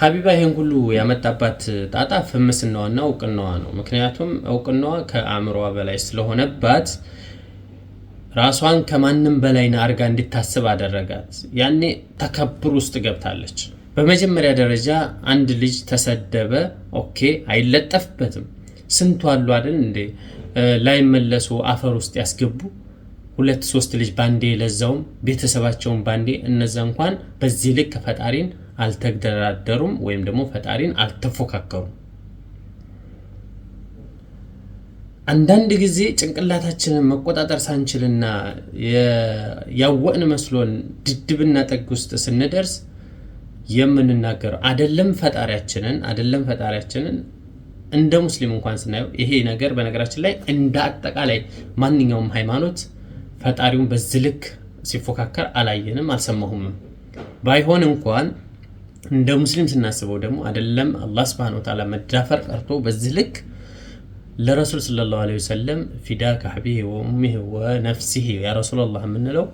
ሀቢባ ይህን ሁሉ ያመጣባት ጣጣ ፍምስናዋና እውቅናዋ ነው። ምክንያቱም እውቅናዋ ከአእምሯ በላይ ስለሆነባት ራሷን ከማንም በላይ አርጋ እንድታስብ አደረጋት። ያኔ ተከብር ውስጥ ገብታለች። በመጀመሪያ ደረጃ አንድ ልጅ ተሰደበ፣ ኦኬ አይለጠፍበትም። ስንቱ አሉ አይደል እንዴ ላይመለሱ አፈር ውስጥ ያስገቡ ሁለት ሶስት ልጅ ባንዴ፣ ለዛውም ቤተሰባቸውን ባንዴ። እነዛ እንኳን በዚህ ልክ ፈጣሪን አልተደራደሩም ወይም ደግሞ ፈጣሪን አልተፎካከሩም። አንዳንድ ጊዜ ጭንቅላታችንን መቆጣጠር ሳንችልና ያወቅን መስሎን ድድብና ጥግ ውስጥ ስንደርስ የምንናገረው አደለም ፈጣሪያችንን አደለም ፈጣሪያችንን እንደ ሙስሊም እንኳን ስናየው ይሄ ነገር በነገራችን ላይ እንደ አጠቃላይ ማንኛውም ሃይማኖት ፈጣሪውን በዚህ ልክ ሲፎካከር አላየንም፣ አልሰማሁምም ባይሆን እንኳን እንደ ሙስሊም ስናስበው ደግሞ አይደለም አላህ ስብሐነሁ ወተዓላ መዳፈር ቀርቶ በዚህ ልክ ለረሱል ሰለላሁ ዐለይሂ ወሰለም ፊዳ ከአቢህ ወኡሚህ ወነፍሲህ ያ ረሱላላህ የምንለው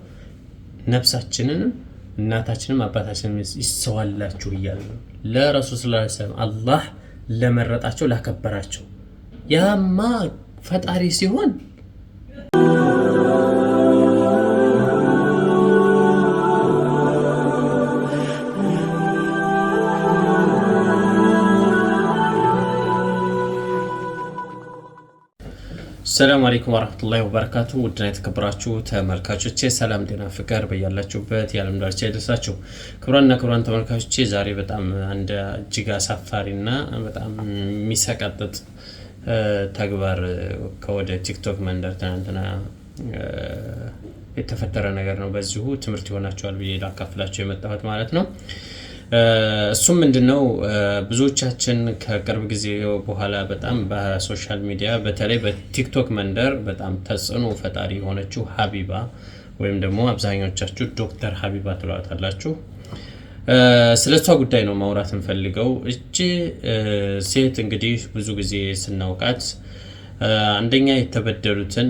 ነፍሳችንንም እናታችንም አባታችንም ይሰዋላችሁ እያሉ ነው። ለረሱል ሰለላሁ ዐለይሂ ወሰለም አላህ ለመረጣቸው ላከበራቸው ያማ ፈጣሪ ሲሆን ሰላም አለይኩም ወራህመቱላሂ ወበረካቱ ውድና የተከበራችሁ ተመልካቾቼ ሰላም ጤና ፍቅር በያላችሁበት የዓለም ዳርቻ ይደርሳችሁ። ክቡራንና ክቡራን ተመልካቾቼ ዛሬ በጣም አንድ እጅግ አሳፋሪና በጣም የሚሰቀጥጥ ተግባር ከወደ ቲክቶክ መንደር ትናንትና የተፈጠረ ነገር ነው። በዚሁ ትምህርት ይሆናችኋል ብዬ ላካፍላችሁ የመጣሁት ማለት ነው። እሱም ምንድን ነው ብዙዎቻችን ከቅርብ ጊዜ በኋላ በጣም በሶሻል ሚዲያ በተለይ በቲክቶክ መንደር በጣም ተጽዕኖ ፈጣሪ የሆነችው ሀቢባ ወይም ደግሞ አብዛኞቻችሁ ዶክተር ሀቢባ ትሏታላችሁ። ስለ እሷ ጉዳይ ነው ማውራት እንፈልገው። እቺ ሴት እንግዲህ ብዙ ጊዜ ስናውቃት አንደኛ የተበደሉትን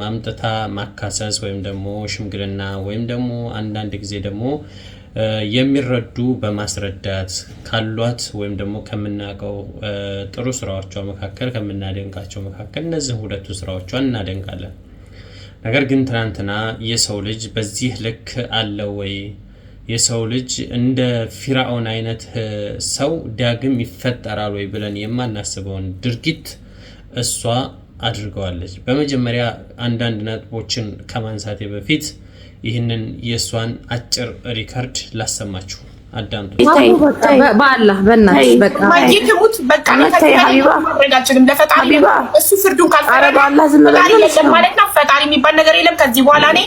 ማምጠታ ማካሰስ ወይም ደግሞ ሽምግልና ወይም ደግሞ አንዳንድ ጊዜ ደግሞ የሚረዱ በማስረዳት ካሏት ወይም ደግሞ ከምናውቀው ጥሩ ስራዎቿ መካከል ከምናደንቃቸው መካከል እነዚህ ሁለቱ ስራዎቿን እናደንቃለን። ነገር ግን ትናንትና የሰው ልጅ በዚህ ልክ አለ ወይ? የሰው ልጅ እንደ ፊራኦን አይነት ሰው ዳግም ይፈጠራል ወይ ብለን የማናስበውን ድርጊት እሷ አድርገዋለች። በመጀመሪያ አንዳንድ ነጥቦችን ከማንሳቴ በፊት ይህንን የእሷን አጭር ሪከርድ ላሰማችሁ አዳምጡ። በአላህ በእናትሽ በቃሙት በቃ ለፈጣሪ እሱ ፍርዱን ካልፈረዳለም ማለት ነው። ፈጣሪ የሚባል ነገር የለም። ከዚህ በኋላ እኔ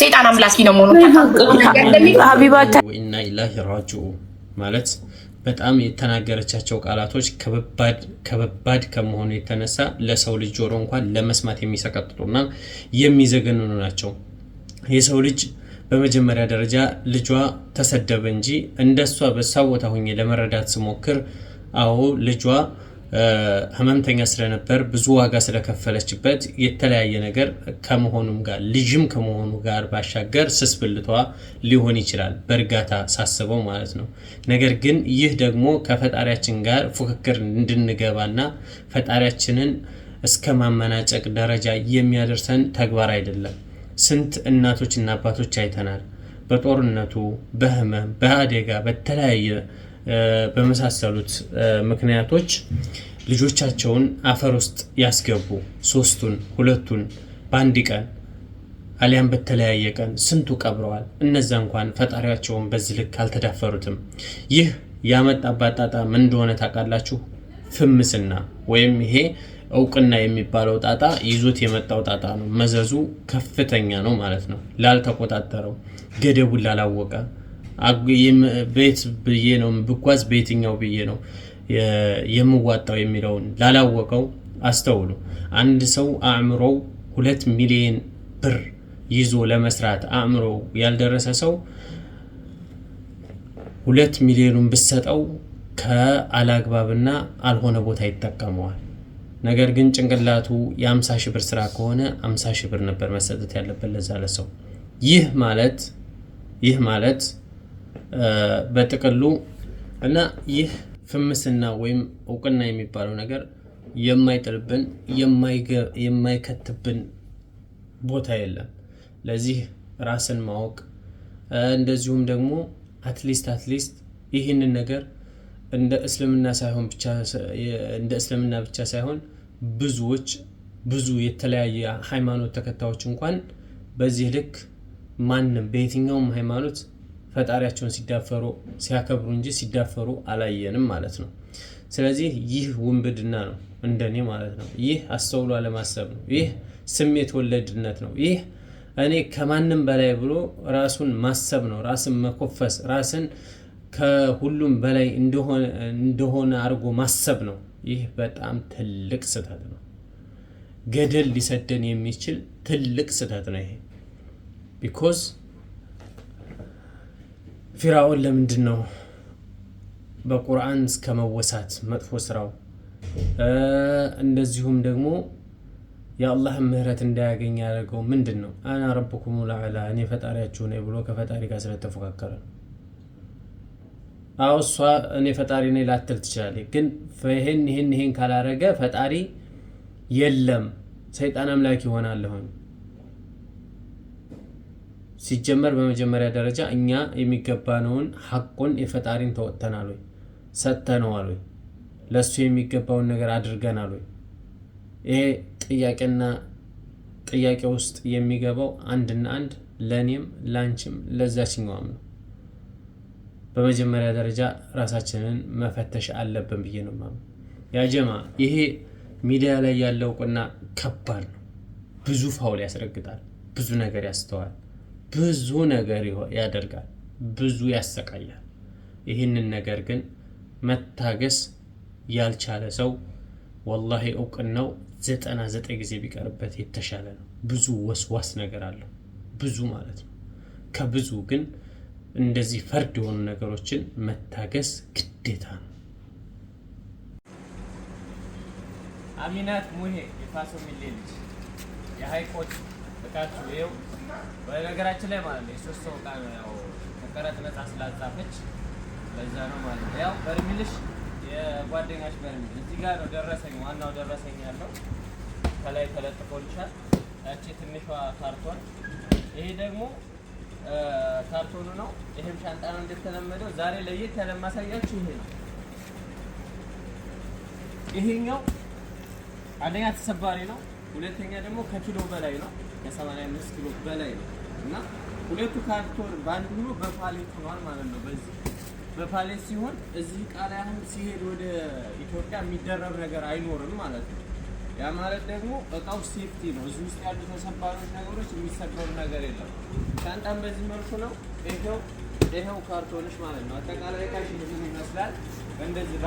ሴጣን አምላኪ ነው መሆኑ ወኢና ኢላሂ ራጂዑን ማለት በጣም የተናገረቻቸው ቃላቶች ከበባድ ከመሆኑ የተነሳ ለሰው ልጅ ጆሮ እንኳን ለመስማት የሚሰቀጥጡና የሚዘገንኑ ናቸው። የሰው ልጅ በመጀመሪያ ደረጃ ልጇ ተሰደበ እንጂ እንደሷ በሷ ቦታ ሁኜ ለመረዳት ስሞክር፣ አዎ ልጇ ህመምተኛ ስለነበር ብዙ ዋጋ ስለከፈለችበት የተለያየ ነገር ከመሆኑም ጋር ልጅም ከመሆኑ ጋር ባሻገር ስስ ብልቷ ሊሆን ይችላል፣ በእርጋታ ሳስበው ማለት ነው። ነገር ግን ይህ ደግሞ ከፈጣሪያችን ጋር ፉክክር እንድንገባና ፈጣሪያችንን እስከ ማመናጨቅ ደረጃ የሚያደርሰን ተግባር አይደለም። ስንት እናቶች እና አባቶች አይተናል። በጦርነቱ፣ በህመም፣ በአደጋ፣ በተለያየ በመሳሰሉት ምክንያቶች ልጆቻቸውን አፈር ውስጥ ያስገቡ ሶስቱን፣ ሁለቱን በአንድ ቀን አሊያም በተለያየ ቀን ስንቱ ቀብረዋል። እነዛ እንኳን ፈጣሪያቸውን በዚህ ልክ አልተዳፈሩትም። ይህ ያመጣባት ጣጣ ምን እንደሆነ ታውቃላችሁ? ፍምስና ወይም ይሄ እውቅና የሚባለው ጣጣ ይዞት የመጣው ጣጣ ነው። መዘዙ ከፍተኛ ነው ማለት ነው። ላልተቆጣጠረው፣ ገደቡን ላላወቀ ቤት ብዬ ነው ብጓዝ በየትኛው ብዬ ነው የምዋጣው የሚለውን ላላወቀው አስተውሉ። አንድ ሰው አእምሮው ሁለት ሚሊዮን ብር ይዞ ለመስራት አእምሮ ያልደረሰ ሰው ሁለት ሚሊዮኑን ብሰጠው ከአላግባብና አልሆነ ቦታ ይጠቀመዋል። ነገር ግን ጭንቅላቱ የ50 ብር ስራ ከሆነ 50 ብር ነበር መሰጠት ያለበት ለዛ ለሰው። ይህ ማለት ይህ ማለት በጥቅሉ እና ይህ ፍምስና ወይም እውቅና የሚባለው ነገር የማይጥልብን የማይከትብን ቦታ የለም። ለዚህ ራስን ማወቅ እንደዚሁም ደግሞ አትሊስት አትሊስት ይህንን ነገር እንደ እስልምና ሳይሆን ብቻ እንደ እስልምና ብቻ ሳይሆን ብዙዎች ብዙ የተለያየ ሃይማኖት ተከታዮች እንኳን በዚህ ልክ ማንም በየትኛውም ሃይማኖት ፈጣሪያቸውን ሲዳፈሩ ሲያከብሩ እንጂ ሲዳፈሩ አላየንም ማለት ነው። ስለዚህ ይህ ውንብድና ነው እንደኔ ማለት ነው። ይህ አስተውሎ አለማሰብ ነው። ይህ ስሜት ወለድነት ነው። ይህ እኔ ከማንም በላይ ብሎ ራሱን ማሰብ ነው። ራስን መኮፈስ ራስን ከሁሉም በላይ እንደሆነ አድርጎ ማሰብ ነው። ይህ በጣም ትልቅ ስህተት ነው። ገደል ሊሰደን የሚችል ትልቅ ስህተት ነው ይሄ። ቢኮዝ ፊራኦን ለምንድን ነው በቁርአን እስከ መወሳት መጥፎ ስራው እንደዚሁም ደግሞ የአላህን ምህረት እንዳያገኝ ያደርገው ምንድን ነው? አና ረብኩም ላዕላ እኔ ፈጣሪያችሁ ነኝ ብሎ ከፈጣሪ ጋር ስለተፎካከረ አዎ እሷ እኔ ፈጣሪ ነኝ ላትል ትችላለች። ግን ይህን ይህን ይህን ካላረገ ፈጣሪ የለም ሰይጣን አምላክ ይሆናለሁን። ሲጀመር በመጀመሪያ ደረጃ እኛ የሚገባነውን ሀቁን የፈጣሪን ተወጥተናል ወይ ሰጥተነዋል ወይ ለእሱ የሚገባውን ነገር አድርገናል ወይ? ይሄ ጥያቄና ጥያቄ ውስጥ የሚገባው አንድና አንድ ለእኔም ለአንቺም ለዛችኛዋም ነው። በመጀመሪያ ደረጃ ራሳችንን መፈተሽ አለብን ብዬ ነው ማምነው። ያጀማ ይሄ ሚዲያ ላይ ያለው እውቅና ከባድ ነው። ብዙ ፋውል ያስረግጣል፣ ብዙ ነገር ያስተዋል፣ ብዙ ነገር ያደርጋል፣ ብዙ ያሰቃያል። ይህንን ነገር ግን መታገስ ያልቻለ ሰው ወላሂ እውቅናው ዘጠና ዘጠኝ ጊዜ ቢቀርበት የተሻለ ነው። ብዙ ወስዋስ ነገር አለው፣ ብዙ ማለት ነው። ከብዙ ግን እንደዚህ ፈርድ የሆኑ ነገሮችን መታገስ ግዴታ ነው። አሚናት ሙሄ የፋሶ ሚሌ ልጅ የሀይቆች እቃችሁ ይኸው። በነገራችን ላይ ማለት ነው የሶስት ሰው እቃ ያው ከቀረጥ ነጻ ስላጻፈች በዛ ነው ማለት ነው። ያው በርሚልሽ የጓደኛሽ በርሚል እዚህ ጋር ነው ደረሰኝ፣ ዋናው ደረሰኝ ያለው ከላይ ተለጥፎልሻል። ያቺ ትንሿ ካርቶን ይሄ ደግሞ ካርቶኑ ነው። ይሄም ሻንጣ ነው እንደተለመደው። ዛሬ ለየት ያለ ማሳያችሁ ይሄ ነው። ይሄኛው አንደኛ ተሰባሪ ነው፣ ሁለተኛ ደግሞ ከኪሎ በላይ ነው፣ ከ85 ኪሎ በላይ ነው እና ሁለቱ ካርቶን ባንድ ሆኖ በፓሌት ሆኗል ማለት ነው። በዚህ በፓሌት ሲሆን እዚህ እቃ ያህል ሲሄድ ወደ ኢትዮጵያ የሚደረብ ነገር አይኖርም ማለት ነው። ያ ማለት ደግሞ እቃው ሴፍቲ ነው። እዚህ ውስጥ ያሉ ተሰባሪዎች ነገሮች የሚሰበሩ ነገር የለም። ሻንጣም በዚህ መልኩ ነው። ይኸው ይኸው ካርቶንሽ ማለት ነው። አጠቃላይ ካሽ ይህን ይመስላል እንደዚህ